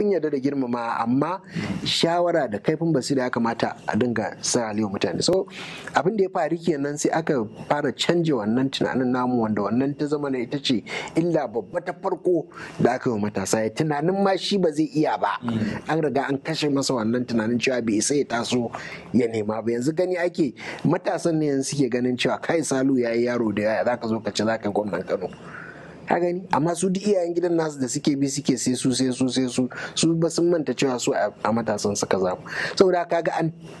mun yarda da girmama amma shawara da kaifin basira ya kamata a dinga sa aliyu mutane so abin da ya faru kenan sai aka fara canje wannan tunanin namu wanda wannan ta zama ita ce illa babba ta farko da aka yi matasa ya tunanin ma shi ba zai iya ba an riga an kashe masa wannan tunanin cewa bai isa ya taso ya nema ba yanzu gani ake matasan ne yanzu suke ganin cewa kai salu ya yi yaro da yaya za ka zo ka ci za zaka gwamnan kano ka gani amma su duk iyayen gidan nasu da suke bi suke sai su sai su sai su su ba sun manta cewa su a matasan suka zamu saboda ka ga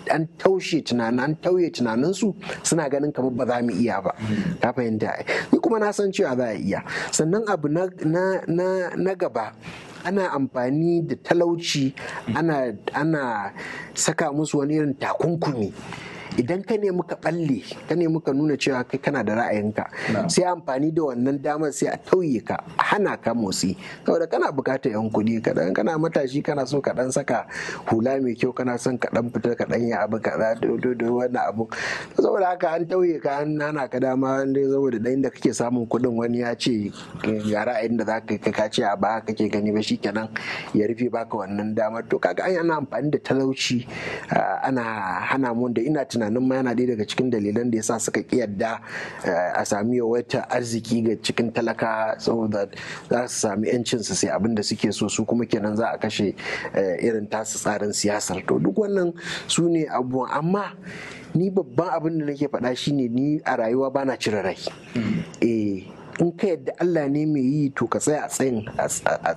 an taushe tunanin an tauye tunanin su suna ganin kamar ba za mu iya ba ka fahimta ni kuma na san cewa za a iya sannan abu na na na gaba ana amfani da talauci ana ana saka musu wani irin takunkumi idan ka nemi ka balle ka nemi ka nuna cewa kai kana da ra'ayinka sai amfani da wannan damar sai a tauye ka a hana ka motsi saboda kana bukatar yan kuɗi kaɗan kana matashi kana so ka dan saka hula mai kyau kana son ka dan fita ka dan yi abu kaza da wannan abu saboda haka an tauye ka an hana ka dama saboda dan da kake samun kuɗin wani ya ce eh, ga ra'ayin da zaka ka ka ce a ba kake gani ba shikenan ya rufe baka wannan damar to kaga an ana amfani da talauci ana hana mu da ina tunanin tunanin ma yana ɗaya daga cikin dalilan da ya sa suka ƙi yadda eh, a sami yawaitar arziki ga cikin talaka saboda za su sami yancin su sai abin da suke so su kuma kenan za a kashe eh, irin tasu tsarin siyasar to duk wannan su ne abubuwan amma ni babban abin da nake faɗa shine ni a rayuwa bana cire rai in ka yadda Allah ne mai yi to ka tsaya a tsayin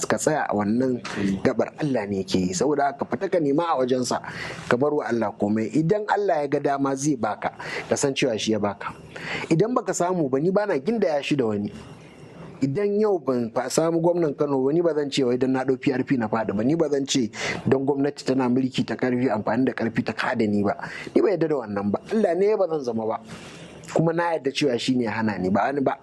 ka tsaya a wannan gabar Allah ne ke yi saboda ka fita ka nema a wajensa ka bar wa Allah komai idan Allah ya ga dama zai baka ka san cewa shi ya baka idan baka samu ba ni bana ya shi da wani idan yau ban samu gwamnan kano ba ni ba zan ce wai don na ɗau prp na fada ba ni ba zan ce don gwamnati tana mulki ta karfi amfani da karfi ta kada ni ba ni ba yadda da wannan ba allah ne ba zan zama ba kuma na yadda cewa shi ne hana ni ba wani ba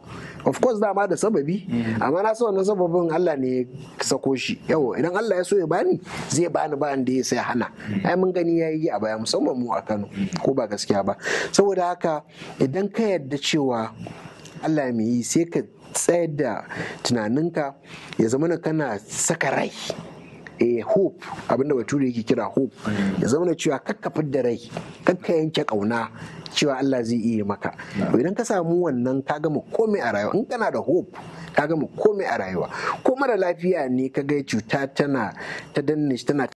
of course dama da sababi mm. amma na so wannan sababin Allah ne ya sako shi yau idan Allah ya so ya bani zai bani ba da ya sai hana mm. ai mun gani ya yi a baya musamman mu a Kano mm. ko ba gaskiya ba saboda haka idan ka yadda cewa Allah ya yi sai ka tsayar da tunaninka ya zama kana saka rai eh hope abinda bature yake kira hope ya zama cewa kakkafin da rai kakka yanke kauna cewa Allah zai iya maka idan ka samu wannan ka gama komai a rayuwa in kana da hope ka gama komai a rayuwa ko mara lafiya ne ka ga cuta tana ta danne tana